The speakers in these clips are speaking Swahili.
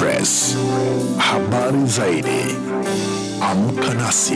Express. Habari zaidi. Amka nasi.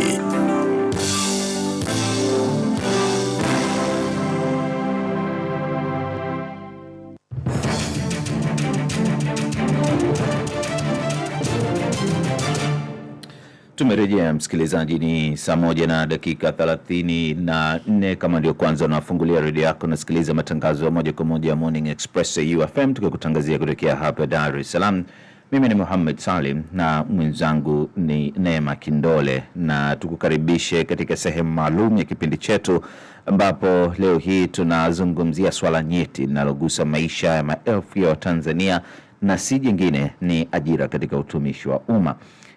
Tumerejea msikilizaji, ni saa moja na dakika thelathini na nne. Kama ndio kwanza unafungulia redio yako, unasikiliza matangazo ya moja kwa moja ya Morning Express ya UFM, tukikutangazia kutokea hapa Dar es Salaam. Mimi ni Muhammad Salim na mwenzangu ni Neema Kindole, na tukukaribishe katika sehemu maalum ya kipindi chetu ambapo leo hii tunazungumzia swala nyeti linalogusa maisha ya maelfu ya Watanzania na si jingine, ni ajira katika utumishi wa umma.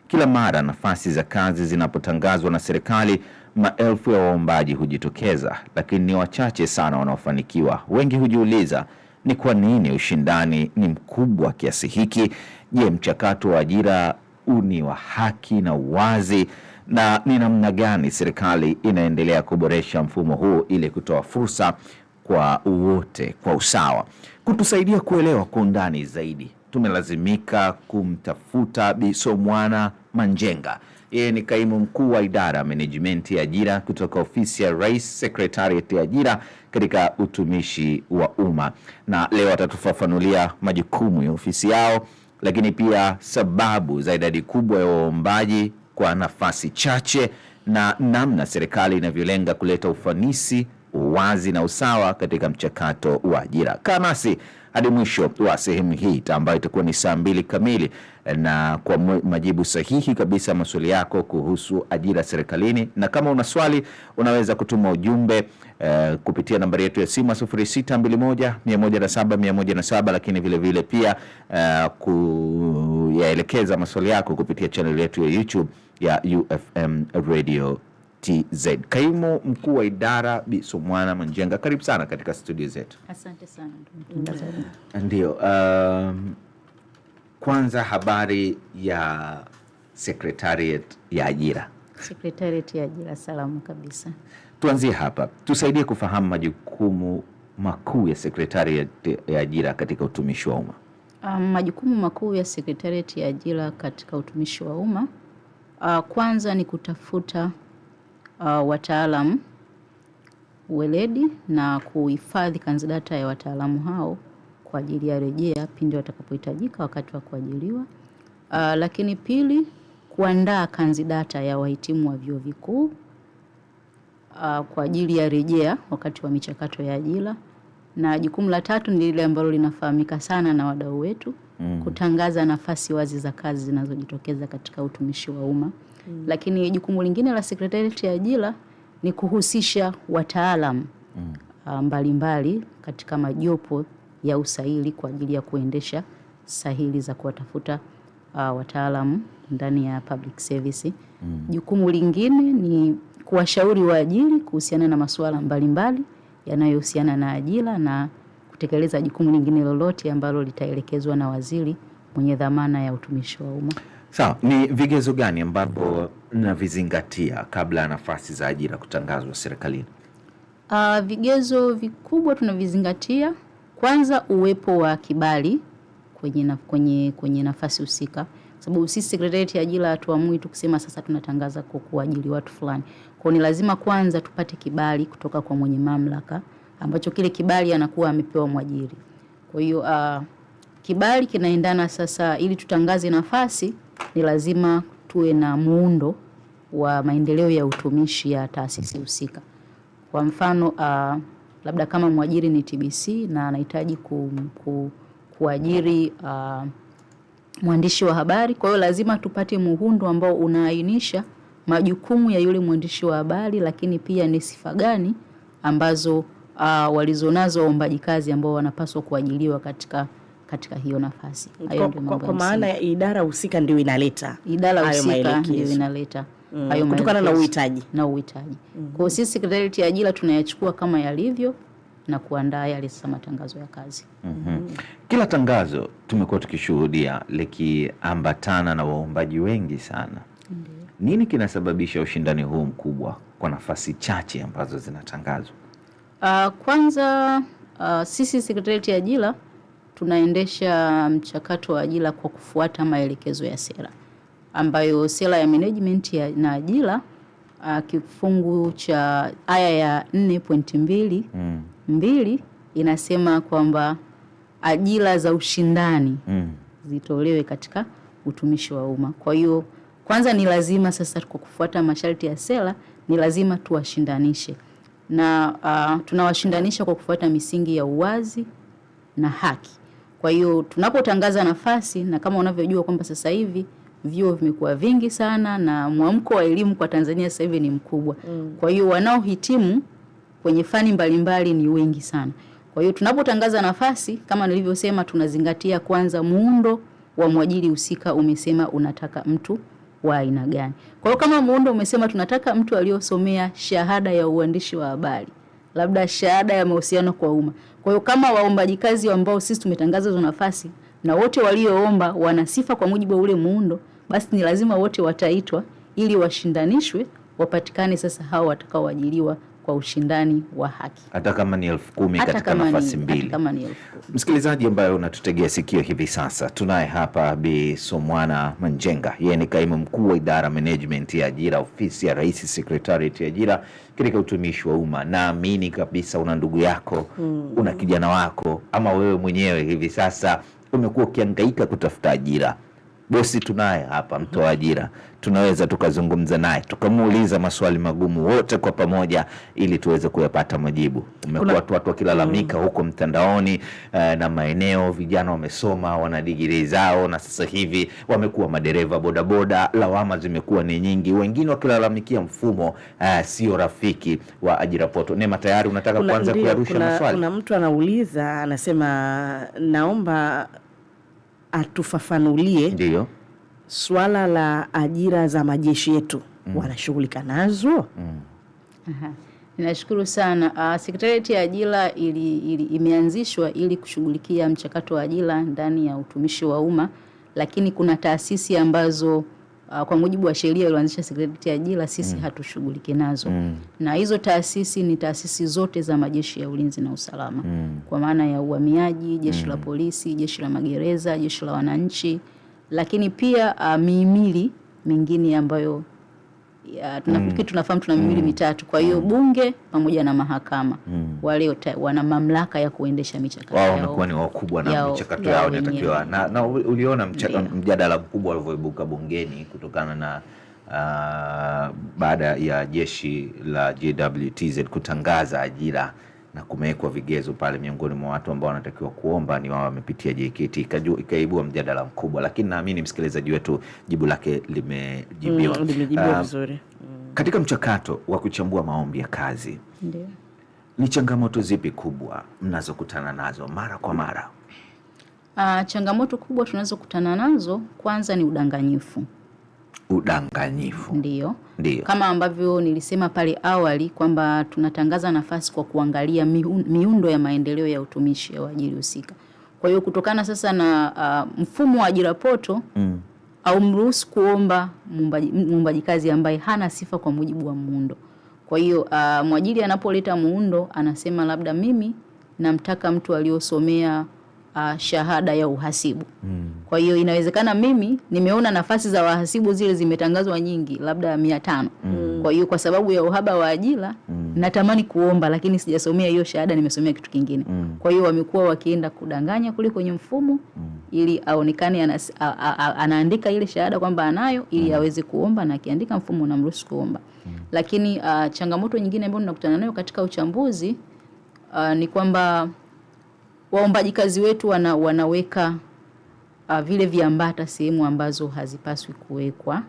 Kila mara nafasi za kazi zinapotangazwa na serikali, maelfu ya waombaji hujitokeza, lakini ni wachache sana wanaofanikiwa. Wengi hujiuliza ni kwa nini ushindani ni mkubwa kiasi hiki Je, mchakato wa ajira uni wa haki na uwazi na ni namna gani serikali inaendelea kuboresha mfumo huu ili kutoa fursa kwa wote kwa usawa? Kutusaidia kuelewa kwa undani zaidi, tumelazimika kumtafuta Bi Somwana Manjenga. Yeye ni kaimu mkuu wa idara ya menejimenti ya ajira kutoka ofisi ya Rais Sekretarieti ya ajira katika utumishi wa umma, na leo atatufafanulia majukumu ya ofisi yao lakini pia sababu za idadi kubwa ya waombaji kwa nafasi chache na namna serikali inavyolenga kuleta ufanisi uwazi na usawa katika mchakato wa ajira. Kaa nasi hadi mwisho wa sehemu hii ambayo itakuwa ni saa mbili kamili, na kwa majibu sahihi kabisa maswali yako kuhusu ajira serikalini. Na kama una swali unaweza kutuma ujumbe uh, kupitia nambari yetu ya simu 0621 lakini vilevile vile pia uh, kuyaelekeza maswali yako kupitia chaneli yetu ya YouTube ya UFM Radio TZ. Kaimu mkuu wa idara Bi Sumwana Mwenjenga, karibu sana katika studio zetu. Asante sana ndio. Um, kwanza habari ya Secretariat ya ajira. Secretariat ya ajira salamu kabisa. Tuanzie hapa, tusaidie kufahamu majukumu makuu ya Secretariat ya ajira katika utumishi wa umma. Um, majukumu makuu ya Secretariat ya ajira katika utumishi wa umma uh, kwanza ni kutafuta uh, wataalamu weledi na kuhifadhi kanzidata ya wataalamu hao kwa ajili ya rejea pindi watakapohitajika wakati wa kuajiriwa. Uh, lakini pili, kuandaa kanzidata ya wahitimu wa vyuo vikuu uh, kwa ajili ya rejea wakati wa michakato ya ajira, na jukumu la tatu ni lile ambalo linafahamika sana na wadau wetu mm, kutangaza nafasi wazi za kazi zinazojitokeza katika utumishi wa umma mm. Lakini jukumu lingine la sekretarieti ya ajira ni kuhusisha wataalamu mm. Uh, mbalimbali katika majopo ya usahili kwa ajili ya kuendesha sahili za kuwatafuta uh, wataalamu ndani ya public service mm. Jukumu lingine ni kuwashauri waajiri kuhusiana na masuala mbalimbali yanayohusiana na ajira na kutekeleza jukumu lingine lolote ambalo litaelekezwa na waziri mwenye dhamana ya utumishi wa umma. Sawa, ni vigezo gani ambavyo mnavizingatia kabla ya nafasi za ajira kutangazwa serikalini? Uh, vigezo vikubwa tunavizingatia, kwanza uwepo wa kibali kwenye, na, kwenye, kwenye nafasi husika, sababu sisi sekretarieti ya ajira hatuamui tu kusema sasa tunatangaza kwa kuajili watu fulani. Kwao ni lazima kwanza tupate kibali kutoka kwa mwenye mamlaka, ambacho kile kibali anakuwa amepewa mwajiri. Kwa hiyo uh, kibali kinaendana sasa, ili tutangaze nafasi ni lazima tuwe na muundo wa maendeleo ya utumishi ya taasisi husika. Kwa mfano uh, labda kama mwajiri ni TBC na anahitaji ku, ku, kuajiri uh, mwandishi wa habari, kwa hiyo lazima tupate muundo ambao unaainisha majukumu ya yule mwandishi wa habari, lakini pia ni sifa gani ambazo uh, walizonazo waombaji kazi ambao wanapaswa kuajiliwa katika katika hiyo nafasi. Hayo ndio mambo kwa maana idara husika ndio inaleta idara husika ndio inaleta mm. hayo kutokana na uhitaji na uhitaji. Mm-hmm. Kwa hiyo sisi Sekretarieti ya Ajira tunayachukua kama yalivyo na kuandaa yale sasa matangazo ya kazi. mm -hmm. Kila tangazo tumekuwa tukishuhudia likiambatana na waombaji wengi sana. mm -hmm. Nini kinasababisha ushindani huu mkubwa kwa nafasi chache ambazo zinatangazwa? Uh, kwanza uh, sisi Sekretarieti ya Ajira tunaendesha mchakato wa ajira kwa kufuata maelekezo ya sera ambayo sera ya management ya, na ajira uh, kifungu cha aya ya 4.2 mm. mbili inasema kwamba ajira za ushindani mm. zitolewe katika utumishi wa umma. Kwa hiyo kwanza ni lazima sasa, kwa kufuata masharti ya sera, ni lazima tuwashindanishe na uh, tunawashindanisha kwa kufuata misingi ya uwazi na haki. Kwa hiyo tunapotangaza nafasi na kama unavyojua kwamba sasa hivi vyuo vimekuwa vingi sana na mwamko wa elimu kwa Tanzania sasa hivi ni mkubwa. Mm. Kwa hiyo wanaohitimu kwenye fani mbalimbali ni wengi sana. Kwa hiyo tunapotangaza nafasi kama nilivyosema, tunazingatia kwanza muundo wa mwajiri husika, umesema unataka mtu wa aina gani. Kwa hiyo kama muundo umesema tunataka mtu aliyosomea shahada ya uandishi wa habari, labda shahada ya mahusiano kwa umma. Kwa hiyo kama waombaji kazi ambao sisi tumetangaza hizo nafasi na wote walioomba wana sifa kwa mujibu wa ule muundo, basi ni lazima wote wataitwa ili washindanishwe, wapatikane sasa hao watakaoajiriwa kwa ushindani wa haki, hata kama ni elfu kumi katika nafasi mbili. Msikilizaji ambaye unatutegea sikio hivi sasa, tunaye hapa Bi Somwana Manjenga, yeye ni kaimu mkuu wa idara management ya ajira, ofisi ya Rais, Secretariat ya ajira katika utumishi wa umma. Naamini kabisa una ndugu yako hmm, una kijana wako ama wewe mwenyewe hivi sasa umekuwa ukiangaika kutafuta ajira. Bosi tunaye hapa, mtoa ajira tunaweza tukazungumza naye tukamuuliza maswali magumu wote kwa pamoja, ili tuweze kuyapata majibu. Umekuwa watu watu wakilalamika mm, huko mtandaoni uh, na maeneo vijana wamesoma wana digrii zao na sasa hivi wamekuwa madereva bodaboda. Lawama zimekuwa ni nyingi, wengine wakilalamikia mfumo uh, sio rafiki wa ajira poto. Nema, tayari unataka kuanza kuyarusha maswali. Kuna mtu anauliza anasema, naomba atufafanulie ndio swala la ajira za majeshi yetu mm. wanashughulika nazo mm. Ninashukuru sana uh, sekretarieti ya ajira ili, ili, imeanzishwa ili kushughulikia mchakato wa ajira ndani ya utumishi wa umma, lakini kuna taasisi ambazo uh, kwa mujibu wa sheria ilioanzisha sekretarieti ya ajira sisi mm. hatushughuliki nazo mm. na hizo taasisi ni taasisi zote za majeshi ya ulinzi na usalama mm. kwa maana ya uhamiaji, jeshi mm. la polisi, jeshi la magereza, jeshi la wananchi lakini pia uh, mihimili mingine ambayo uh, tunafikiri mm. tunafahamu tuna mihimili mm. mitatu. Kwa hiyo mm. bunge pamoja na mahakama mm. wale wana mamlaka ya kuendesha michakato yao, wanakuwa ni wakubwa na michakato yao inatakiwa na, na uliona mchaka, mjadala mkubwa ulivyoibuka bungeni kutokana na uh, baada ya jeshi la JWTZ kutangaza ajira na kumewekwa vigezo pale, miongoni mwa watu ambao wanatakiwa kuomba ni wao wamepitia JKT, ikaibua mjadala mkubwa, lakini naamini msikilizaji wetu jibu lake limejibiwa mm, ah, vizuri mm. Katika mchakato wa kuchambua maombi ya kazi Ndiyo. ni changamoto zipi kubwa mnazokutana nazo mara kwa mara? Uh, changamoto kubwa tunazokutana nazo kwanza ni udanganyifu udanganyifu. ndio ndio, Kama ambavyo nilisema pale awali kwamba tunatangaza nafasi kwa kuangalia miundo ya maendeleo ya utumishi ya ajili husika. Kwa hiyo kutokana sasa na uh, mfumo wa ajira poto mm. au mruhusu kuomba muombaji kazi ambaye hana sifa kwa mujibu wa muundo. Kwa hiyo uh, mwajiri anapoleta muundo anasema labda mimi namtaka mtu aliyosomea uh, shahada ya uhasibu mm. Kwa hiyo inawezekana mimi nimeona nafasi za wahasibu zile zimetangazwa nyingi, labda mia tano mm. Kwa hiyo kwa sababu ya uhaba wa ajira mm. natamani kuomba, lakini sijasomea hiyo shahada, nimesomea kitu kingine mm. Kwa hiyo wamekuwa wakienda kudanganya kule kwenye mfumo mm. ili aonekane anaandika ile shahada kwamba anayo ili mm. aweze kuomba, na akiandika mfumo unamruhusu kuomba mm. Lakini uh, changamoto nyingine ambayo tunakutana nayo katika uchambuzi uh, ni kwamba waombaji kazi wetu wana, wanaweka uh, vile viambata sehemu ambazo hazipaswi kuwekwa.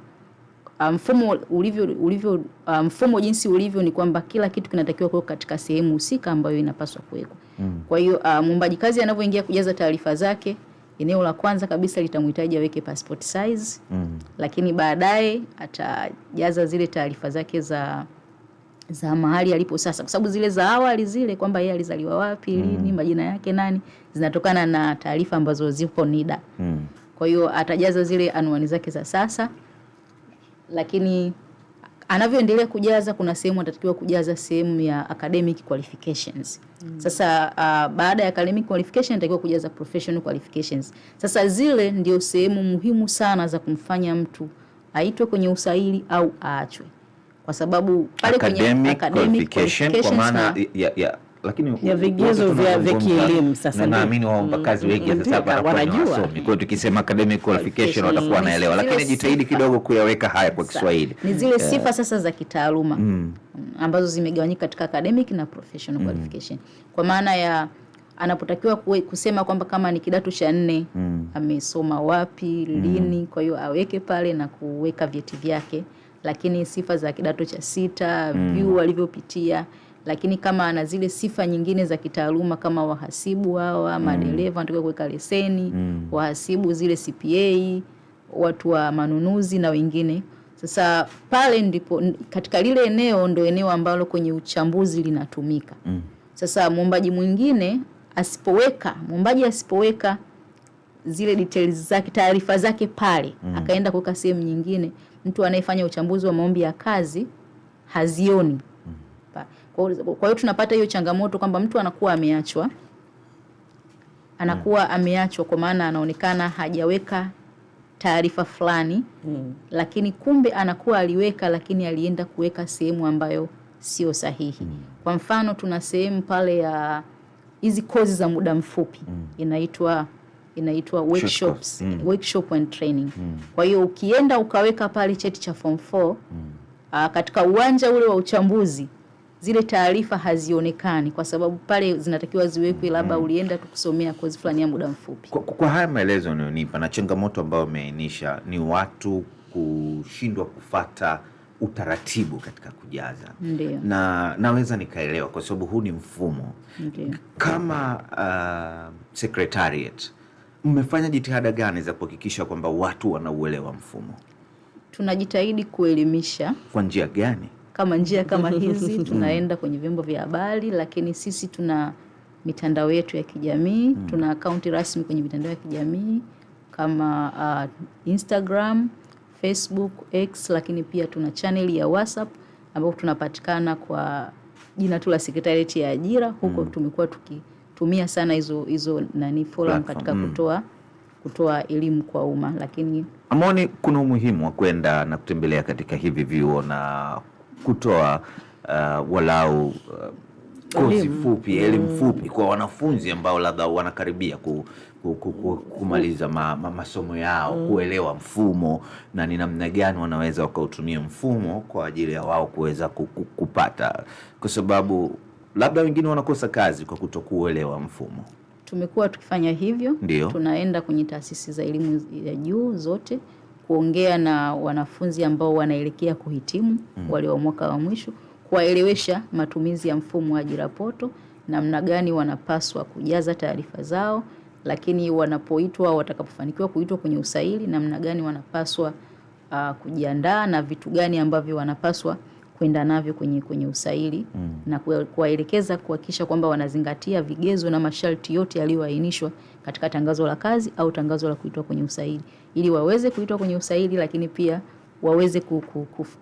Uh, mfumo ulivyo, ulivyo uh, mfumo jinsi ulivyo ni kwamba kila kitu kinatakiwa kuwekwa katika sehemu husika ambayo inapaswa kuwekwa. Mm. Kwa hiyo uh, mwombaji kazi anavyoingia kujaza taarifa zake, eneo la kwanza kabisa litamhitaji aweke passport size. Mm. Lakini baadaye atajaza zile taarifa zake za za mahali alipo sasa, kwa sababu zile za awali zile kwamba yeye alizaliwa wapi, mm. lini, mm. majina yake nani, zinatokana na taarifa ambazo zipo NIDA. mm. Kwa hiyo atajaza zile anwani zake za sasa, lakini anavyoendelea kujaza, kuna sehemu atatakiwa kujaza sehemu ya academic qualifications. Mm. Sasa uh, baada ya academic qualification anatakiwa kujaza professional qualifications. Sasa zile ndio sehemu muhimu sana za kumfanya mtu aitwe kwenye usaili au aachwe kwa sababu pale kwenye academic qualification kwa maana ya, ya lakini ya vigezo vya vya kielimu sasa, na naamini waomba mm, kazi wengi sasa hapa wanajua Kwa hiyo tukisema academic qualification watakuwa wanaelewa, lakini jitahidi kidogo kuyaweka haya kwa Kiswahili. Ni zile sifa sasa za kitaaluma mm. ambazo zimegawanyika katika academic na professional mm. qualification kwa maana ya anapotakiwa kusema kwamba kama ni kidato cha nne mm. amesoma wapi lini, mm. kwa hiyo aweke pale na kuweka vyeti vyake lakini sifa za kidato cha sita, mm. vyuo walivyopitia lakini kama ana zile sifa nyingine za kitaaluma kama wahasibu hawa, mm. madereva mm. wanatakiwa kuweka leseni mm. wahasibu zile CPA, watu wa manunuzi na wengine. Sasa pale ndipo katika lile eneo ndo eneo ambalo kwenye uchambuzi linatumika mm. Sasa mwombaji mwingine asipoweka, mwombaji asipoweka zile details zake, taarifa zake pale mm. akaenda kuweka sehemu nyingine mtu anayefanya uchambuzi wa maombi ya kazi hazioni. Mm-hmm. Kwa hiyo tunapata hiyo changamoto kwamba mtu anakuwa ameachwa, anakuwa mm-hmm. ameachwa kwa maana anaonekana hajaweka taarifa fulani mm. Lakini kumbe anakuwa aliweka, lakini alienda kuweka sehemu ambayo sio sahihi mm. Kwa mfano tuna sehemu pale ya hizi kozi za muda mfupi mm. inaitwa inaitwa workshops, mm. workshop and training mm. Kwa hiyo ukienda ukaweka pale cheti cha form 4 mm. Ah, katika uwanja ule wa uchambuzi zile taarifa hazionekani kwa sababu pale zinatakiwa ziwekwe, mm-hmm. labda ulienda tu kusomea kozi fulani ya muda mfupi. Kwa, kwa haya maelezo unayonipa na changamoto ambayo umeainisha ni watu kushindwa kufata utaratibu katika kujaza. Ndiyo. Na naweza nikaelewa kwa sababu huu ni mfumo. Ndiyo. Kama uh, secretariat mmefanya jitihada gani za kuhakikisha kwamba watu wanauelewa mfumo? Tunajitahidi kuelimisha. Kwa njia gani? Kama njia kama hizi tunaenda kwenye vyombo vya habari, lakini sisi tuna mitandao yetu ya kijamii hmm. Tuna akaunti rasmi kwenye mitandao ya kijamii kama uh, Instagram, Facebook, X, lakini pia tuna chaneli ya WhatsApp ambapo tunapatikana kwa jina tu la Sekretarieti ya Ajira huko hmm. Tumekuwa tuki tumia sana hizo hizo nani forum katika mm. kutoa kutoa elimu kwa umma, lakini amoni kuna umuhimu wa kwenda na kutembelea katika hivi vyuo na kutoa uh, walau uh, kozi fupi elimu mm. fupi kwa wanafunzi ambao labda wanakaribia ku, ku, ku, ku, kumaliza ma, ma, masomo yao mm. kuelewa mfumo na ni namna gani wanaweza wakautumia mfumo kwa ajili ya wao kuweza kupata, kwa sababu labda wengine wanakosa kazi kwa kutokuelewa mfumo. Tumekuwa tukifanya hivyo. Ndiyo. Tunaenda kwenye taasisi za elimu ya juu zote kuongea na wanafunzi ambao wanaelekea kuhitimu mm. wale wa mwaka wa mwisho kuwaelewesha matumizi ya mfumo wa Ajira poto, namna gani wanapaswa kujaza taarifa zao, lakini wanapoitwa, watakapofanikiwa kuitwa kwenye usaili, namna gani wanapaswa uh, kujiandaa na vitu gani ambavyo wanapaswa kwenda navyo kwenye, kwenye usaili mm. na kuwaelekeza kuhakikisha kwamba wanazingatia vigezo na masharti yote yaliyoainishwa katika tangazo la kazi au tangazo la kuitwa kwenye usaili ili waweze kuitwa kwenye usaili, lakini pia waweze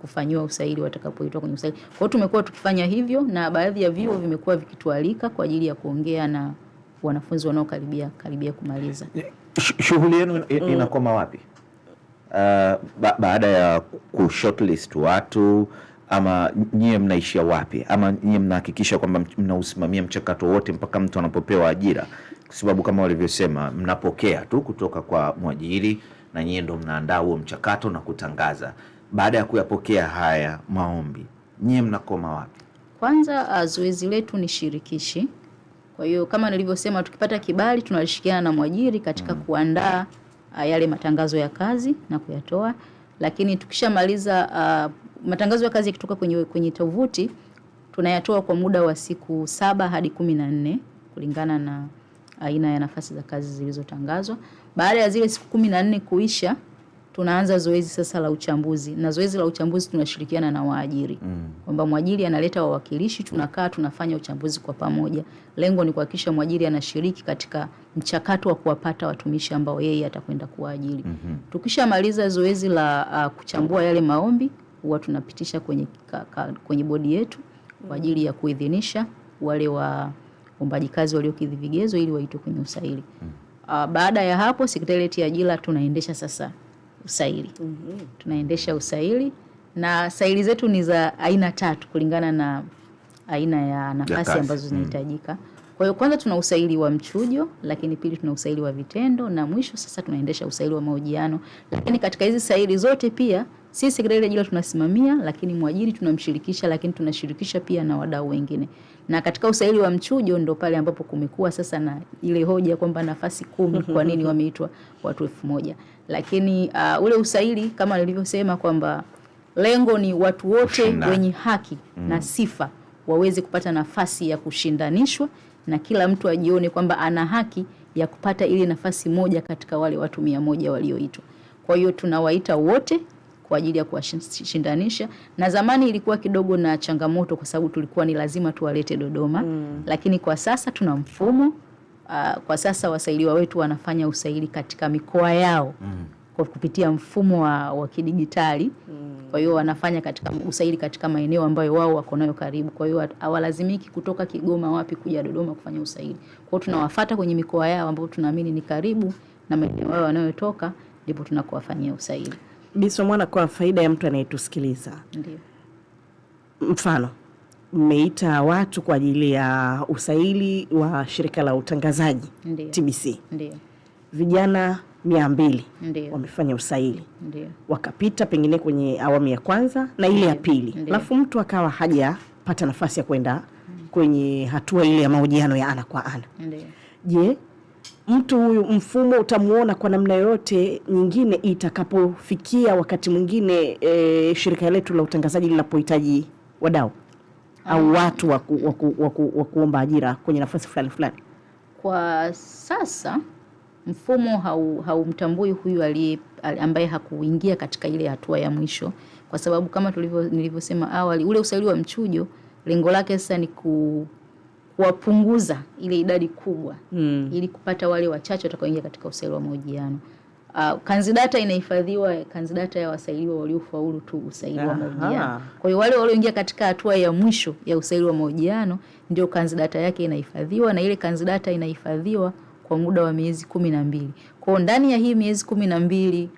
kufanyiwa usaili watakapoitwa kwenye usaili. Kwa hiyo tumekuwa tukifanya hivyo na baadhi ya vyuo vimekuwa vikitualika kwa ajili ya kuongea na wanafunzi wanaokaribia karibia kumaliza. Shughuli yenu mm. inakoma wapi? Uh, ba baada ya kushortlist watu ama nyie mnaishia wapi, ama nyie mnahakikisha kwamba mnausimamia mchakato wote mpaka mtu anapopewa ajira? Kwa sababu kama walivyosema, mnapokea tu kutoka kwa mwajiri na nyie ndo mnaandaa huo mchakato na kutangaza. Baada ya kuyapokea haya maombi, nyie mnakoma wapi? Kwanza uh, zoezi letu ni shirikishi. Kwa hiyo kama nilivyosema, tukipata kibali tunashirikiana na mwajiri katika hmm, kuandaa uh, yale matangazo ya kazi na kuyatoa, lakini tukishamaliza uh, matangazo ya kazi yakitoka kwenye, kwenye tovuti tunayatoa kwa muda wa siku saba hadi kumi na nne kulingana na aina ya nafasi za kazi zilizotangazwa. Baada ya zile siku kumi na nne kuisha, tunaanza zoezi sasa la uchambuzi, na zoezi la uchambuzi tunashirikiana na waajiri mm. kwamba mwajiri analeta wawakilishi, tunakaa tunafanya uchambuzi kwa pamoja. Lengo ni kuhakikisha mwajiri anashiriki katika mchakato wa kuwapata watumishi ambao yeye atakwenda kuwaajiri mm -hmm. Tukishamaliza zoezi la uh, kuchambua yale maombi huwa tunapitisha kwenye, kwenye bodi yetu kwa ajili ya kuidhinisha wale waombaji kazi waliokidhi vigezo ili waitwe kwenye usaili. Uh, baada ya hapo Sekretarieti ya Ajira tunaendesha sasa usaili. Mm-hmm. Tunaendesha usaili na saili zetu ni za aina tatu kulingana na aina ya nafasi ambazo zinahitajika. Mm-hmm. Kwa hiyo kwanza tuna usaili wa mchujo, lakini pili tuna usaili wa vitendo na mwisho sasa tunaendesha usaili wa mahojiano. Lakini katika hizi saili zote pia sisi Sekretarieti ya Ajira tunasimamia, lakini mwajiri tunamshirikisha, lakini tunashirikisha pia na wadau wengine. Na katika usaili wa mchujo ndo pale ambapo kumekuwa sasa na ile hoja kwamba nafasi kumi, kwa nini wameitwa watu elfu moja? Lakini uh, ule usaili kama nilivyosema kwamba lengo ni watu wote wenye haki mm. na sifa waweze kupata nafasi ya kushindanishwa na kila mtu ajione kwamba ana haki ya kupata ile nafasi moja katika wale watu mia moja walioitwa. Kwa hiyo tunawaita wote kwa ajili ya kuwashindanisha, na zamani ilikuwa kidogo na changamoto, kwa sababu tulikuwa ni lazima tuwalete Dodoma mm. Lakini kwa sasa tuna mfumo uh, kwa sasa wasailiwa wetu wanafanya usaili katika mikoa yao mm. kwa kupitia mfumo wa, wa kidijitali mm. Kwa hiyo wanafanya katika usaili katika maeneo ambayo wao wako nayo karibu. Kwa hiyo hawalazimiki kutoka Kigoma wapi kuja Dodoma kufanya usaili. Kwa hiyo tunawafata kwenye mikoa yao ambayo tunaamini ni karibu na maeneo yao wanayotoka, ndipo tunakuwafanyia usaili. Bisomwana, kwa faida ya mtu anayetusikiliza, mfano mmeita watu kwa ajili ya usaili wa shirika la utangazaji Ndiyo. TBC Ndiyo. vijana mia mbili wamefanya usaili Ndiyo. wakapita pengine kwenye awamu ya kwanza na ile ya pili, alafu mtu akawa hajapata nafasi ya kwenda kwenye hatua ile ya mahojiano ya ana kwa ana. Je, mtu huyu mfumo utamuona kwa namna yoyote nyingine itakapofikia wakati mwingine e, shirika letu la utangazaji linapohitaji wadau au ah. watu wa kuomba ajira kwenye nafasi fulani fulani. Kwa sasa mfumo haumtambui hau huyu ali, ambaye hakuingia katika ile hatua ya mwisho, kwa sababu kama tulivyo nilivyosema awali, ule usaili wa mchujo lengo lake sasa ni ku kuwapunguza ile idadi kubwa mm. ili kupata wale wachache watakaoingia katika usaili wa mahojiano. Uh, ah, kanzidata inahifadhiwa kanzidata ya wasailiwa waliofaulu tu usaili wa mahojiano. Kwa hiyo wale walioingia katika hatua ya mwisho ya usaili wa mahojiano ndio kanzidata yake inahifadhiwa, na ile kanzidata inahifadhiwa kwa muda wa miezi kumi na mbili. Kwa hiyo ndani ya hii miezi kumi na mbili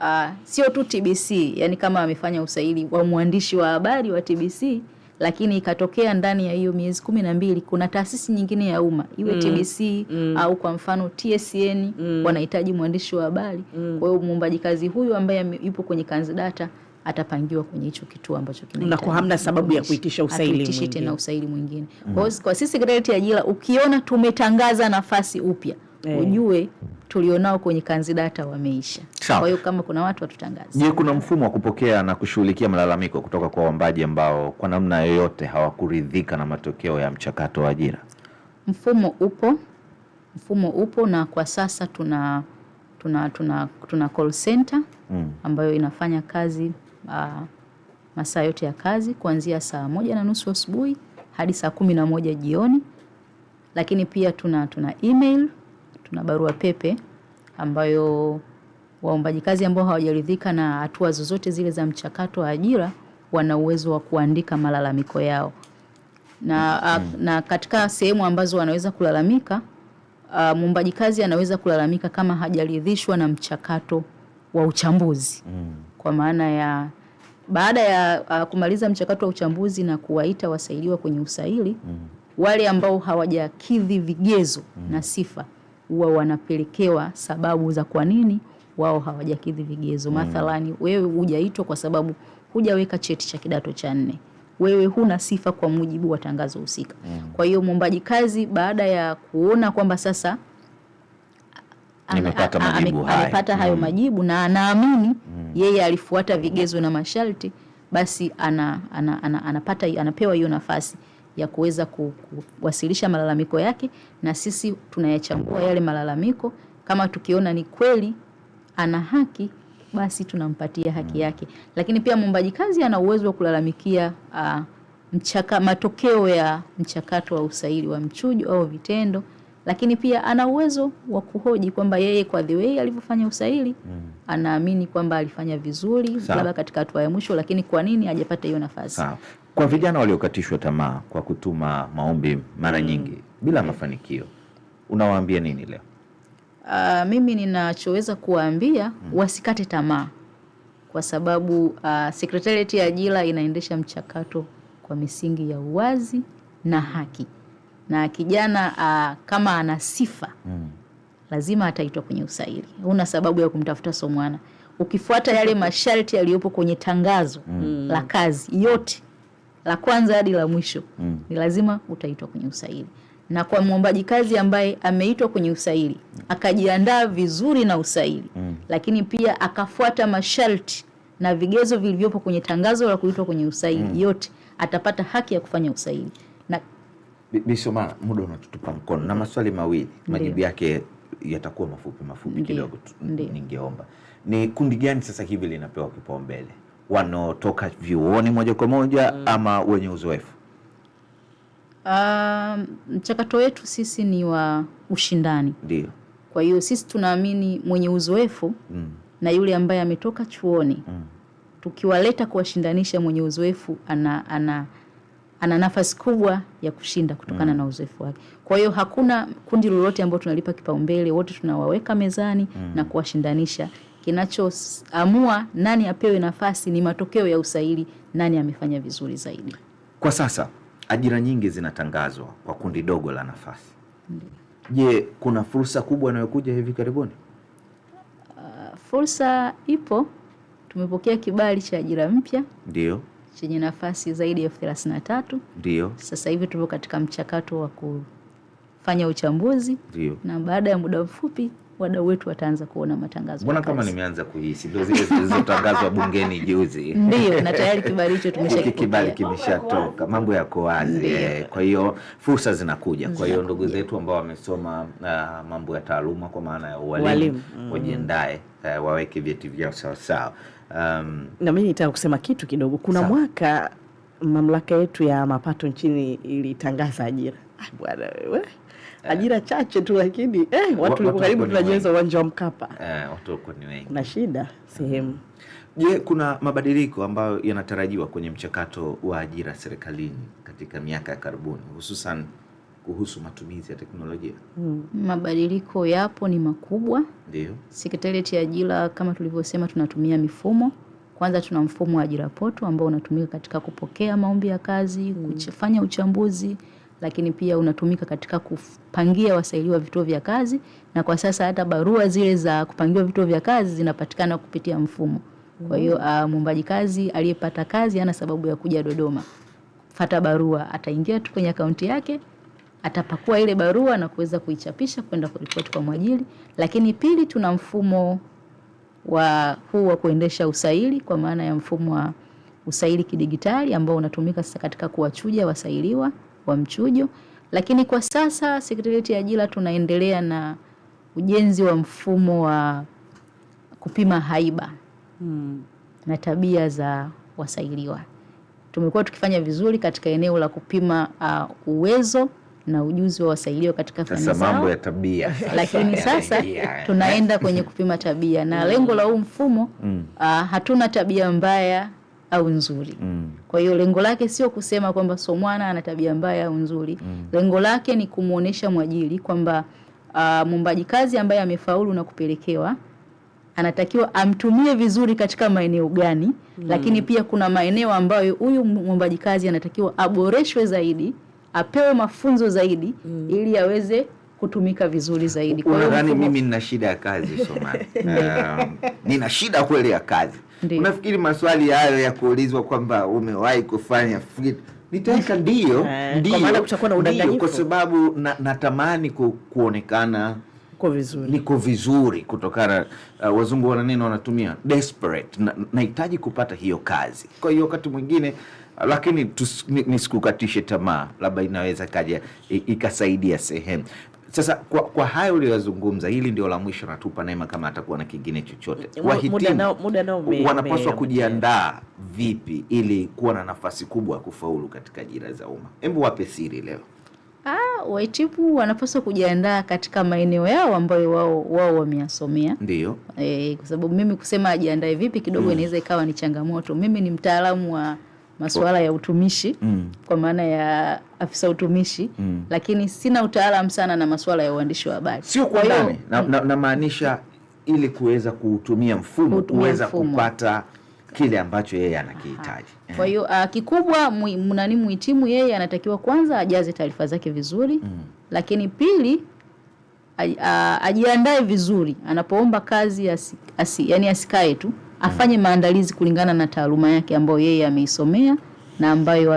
uh, sio tu TBC, yani kama amefanya usaili wa mwandishi wa habari wa TBC lakini ikatokea ndani ya hiyo miezi kumi na mbili kuna taasisi nyingine ya umma iwe mm. TBC mm. au kwa mfano TSN mm. wanahitaji mwandishi wa habari mm. kwa hiyo muumbaji kazi huyu ambaye yupo kwenye kanzidata atapangiwa kwenye hicho kituo ambacho kinahitaji, na hamna sababu ya kuitisha usaili mwingine, tena usaili mwingine mm. kwa kwa sisi Sekretarieti ya Ajira ukiona tumetangaza nafasi upya eh. ujue tulionao kwenye data wameisha. Kwa hiyo kama kuna watu watutangaze. Je, kuna mfumo wa kupokea na kushughulikia malalamiko kutoka kwa waombaji ambao kwa namna yoyote hawakuridhika na matokeo ya mchakato wa ajira? Mfumo upo, mfumo upo, na kwa sasa tuna tuna tuna, tuna call center mm, ambayo inafanya kazi uh, masaa yote ya kazi kuanzia saa moja na nusu asubuhi hadi saa kumi na moja jioni, lakini pia tuna tuna email tuna barua pepe ambayo waombaji kazi ambao hawajaridhika na hatua zozote zile za mchakato wa ajira wana uwezo wa kuandika malalamiko yao na, mm na katika sehemu ambazo wanaweza kulalamika muombaji kazi anaweza kulalamika kama hajaridhishwa na mchakato wa uchambuzi mm kwa maana ya baada ya a, kumaliza mchakato wa uchambuzi na kuwaita wasaidiwa kwenye usaili mm wale ambao hawajakidhi vigezo mm na sifa huwa wanapelekewa sababu za kwa nini wao hawajakidhi vigezo mm. Mathalani, wewe hujaitwa kwa sababu hujaweka cheti cha kidato cha nne, wewe huna sifa kwa mujibu wa tangazo husika mm. Kwa hiyo mwombaji kazi baada ya kuona kwamba sasa amepata majibu, hayo mm. majibu na anaamini mm. yeye alifuata vigezo na masharti, basi ana, ana, ana, anapata, anapewa hiyo nafasi ya kuweza kuwasilisha malalamiko yake, na sisi tunayachambua yale malalamiko. Kama tukiona ni kweli ana haki, basi tunampatia haki mm. yake. Lakini pia muombaji kazi ana uwezo wa kulalamikia uh, mchaka, matokeo ya mchakato wa usaili wa mchujo au vitendo, lakini pia ana uwezo wa kuhoji kwamba yeye kwa the way alivyofanya usaili mm. anaamini kwamba alifanya vizuri labda katika hatua ya mwisho, lakini kwa nini hajapata hiyo nafasi? Kwa vijana waliokatishwa tamaa kwa kutuma maombi mara mm. nyingi bila mm. mafanikio, unawaambia nini leo? Uh, mimi ninachoweza kuwaambia mm. wasikate tamaa kwa sababu uh, ah, Sekretarieti ya Ajira inaendesha mchakato kwa misingi ya uwazi na haki, na kijana uh, kama ana sifa mm. lazima ataitwa kwenye usaili. Huna sababu ya kumtafuta somwana ukifuata yale masharti yaliyopo kwenye tangazo mm. la kazi yote la kwanza hadi la mwisho mm. ni lazima utaitwa kwenye usaili na kwa mwombaji kazi ambaye ameitwa kwenye usaili akajiandaa vizuri na usaili mm. lakini pia akafuata masharti na vigezo vilivyopo kwenye tangazo la kuitwa kwenye usaili mm. yote atapata haki ya kufanya usaili. Na Bisoma, muda unatutupa mkono na maswali mawili, majibu yake yatakuwa mafupi mafupi kidogo, ningeomba ni kundi gani sasa hivi linapewa kipaumbele? wanaotoka vyuoni moja kwa moja mm. ama wenye uzoefu? Um, mchakato wetu sisi ni wa ushindani, ndio. Kwa hiyo sisi tunaamini mwenye uzoefu mm. na yule ambaye ametoka chuoni mm. tukiwaleta kuwashindanisha, mwenye uzoefu ana, ana, ana nafasi kubwa ya kushinda kutokana mm. na uzoefu wake. Kwa hiyo hakuna kundi lolote ambalo tunalipa kipaumbele, wote tunawaweka mezani mm. na kuwashindanisha Kinachoamua nani apewe nafasi ni matokeo ya usaili, nani amefanya vizuri zaidi. Kwa sasa ajira nyingi zinatangazwa kwa kundi dogo la nafasi. Je, kuna fursa kubwa inayokuja hivi karibuni? Uh, fursa ipo. Tumepokea kibali cha ajira mpya ndio chenye nafasi zaidi ya elfu thelathini na tatu. Ndio sasa hivi tupo katika mchakato wa kufanya uchambuzi. Ndio. Na baada ya muda mfupi wadau wetu wataanza kuona matangazo. Mbona kama nimeanza kuhisi ndio zile zilizotangazwa bungeni juzi? Ndio, na tayari kibali hicho tumeshakipokea, kibali kimeshatoka, mambo yako wazi. Eh, kwa hiyo fursa zinakuja. Kwa hiyo ndugu zetu ambao wamesoma uh, mambo ya taaluma kwa maana ya ualimu mm. wajiandae, uh, waweke vyeti vyao sawasawa. Um, na mimi nitaka kusema kitu kidogo. Kuna sawa. mwaka mamlaka yetu ya mapato nchini ilitangaza ajira ah, bwana wewe Eh. ajira chache tu, lakini eh, watu wa, karibu tunajenza uwanja wa Mkapa eh, watu wako ni wengi kuna shida sehemu. Je, kuna mabadiliko ambayo yanatarajiwa kwenye mchakato wa ajira serikalini katika miaka ya karibuni hususan kuhusu matumizi ya teknolojia Mm. Mabadiliko yapo, ni makubwa. Ndio sekretarieti ya ajira kama tulivyosema, tunatumia mifumo kwanza. Tuna mfumo wa ajira poto ambao unatumika katika kupokea maombi ya kazi, hmm. kufanya uchambuzi lakini pia unatumika katika kupangia wasailiwa vituo vya kazi, na kwa sasa hata barua zile za kupangiwa vituo vya kazi zinapatikana kupitia mfumo. Kwa hiyo uh, mwombaji kazi aliyepata kazi hana sababu ya kuja Dodoma fata barua, ataingia tu kwenye akaunti yake atapakua ile barua na kuweza kuichapisha kwenda kuripoti kwa mwajiri. Lakini pili, tuna mfumo wa huu wa kuendesha usaili kwa maana ya mfumo wa usaili kidigitali ambao unatumika sasa katika kuwachuja wasailiwa wa mchujo. Lakini kwa sasa Sekretarieti ya Ajira tunaendelea na ujenzi wa mfumo wa kupima haiba hmm, na tabia za wasailiwa. Tumekuwa tukifanya vizuri katika eneo la kupima uh, uwezo na ujuzi wa wasailiwa katika fani zao, mambo ya tabia lakini sasa tunaenda kwenye kupima tabia na lengo la huu mfumo hmm. uh, hatuna tabia mbaya au nzuri mm. Kwa hiyo lengo lake sio kusema kwamba Somwana ana tabia mbaya au nzuri mm. Lengo lake ni kumwonyesha mwajiri kwamba uh, mwombaji kazi ambaye amefaulu na kupelekewa anatakiwa amtumie vizuri katika maeneo gani mm. Lakini pia kuna maeneo ambayo huyu mwombaji kazi anatakiwa aboreshwe zaidi, apewe mafunzo zaidi mm. ili aweze kutumika vizuri zaidi. Kwa hiyo mimi nina shida ya kazi Somwana. Uh, nina shida kweli ya kazi Unafikiri maswali hayo ya kuulizwa kwamba umewahi kufanya nitaweka ndio, eh, kwa sababu na, natamani ku, kuonekana niko vizuri, niko vizuri kutokana uh, wazungu wana neno wanatumia desperate, nahitaji na kupata hiyo kazi. Kwa hiyo wakati mwingine lakini nisikukatishe tamaa, labda inaweza kaja ikasaidia sehemu. Sasa kwa, kwa hayo uliyozungumza, hili ndio la mwisho, natupa neema kama atakuwa na kingine chochote. Wahitimu wanapaswa kujiandaa vipi ili kuwa na nafasi kubwa ya kufaulu katika ajira za umma? Hebu wape siri leo. Ah, wahitimu wanapaswa kujiandaa katika maeneo yao ambayo wao wao wameyasomea. Ndio. e, kwa sababu mimi kusema ajiandae vipi kidogo, mm, inaweza ikawa ni changamoto. Mimi ni mtaalamu wa masuala ya utumishi mm. kwa maana ya afisa utumishi mm. lakini sina utaalamu sana na masuala ya uandishi wa habari, sio kwa ndani namaanisha na, na ili kuweza kuutumia mfumo kuweza kupata kile ambacho yeye anakihitaji. Kwa hiyo uh, kikubwa nani, muhitimu yeye anatakiwa kwanza ajaze taarifa zake vizuri mm. lakini pili ajiandae vizuri anapoomba kazi asi, asi, yani asikae tu afanye maandalizi kulingana na taaluma yake ambayo yeye ameisomea na ambayo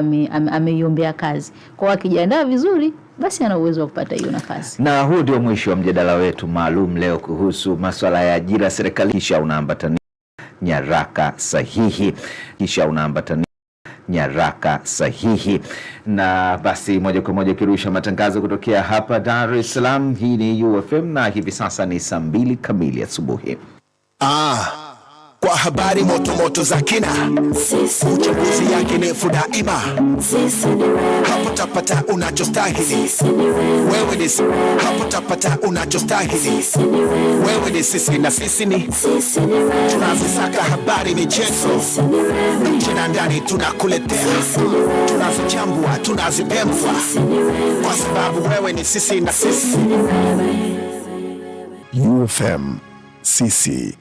ameiombea ame kazi. Kwa akijiandaa vizuri basi ana uwezo wa kupata hiyo nafasi. Na huu ndio mwisho wa mjadala wetu maalum leo kuhusu masuala ya ajira serikali. Kisha unaambatania nyaraka sahihi, kisha unaambatania nyaraka sahihi. Na basi moja kwa moja ukirusha matangazo kutokea hapa Dar es Salaam. Hii ni UFM na hivi sasa ni saa mbili kamili asubuhi. Ah kwa habari moto moto za kina, uchambuzi yake ndefu daima, tapata unachostahili wewe ni tapata unachostahili wewe ni sisi na sisi ni tunazisaka habari michezo nje na ndani, tunakuletea tunazichambua, tunazipembwa kwa sababu wewe ni sisi na sisi. UFM sisi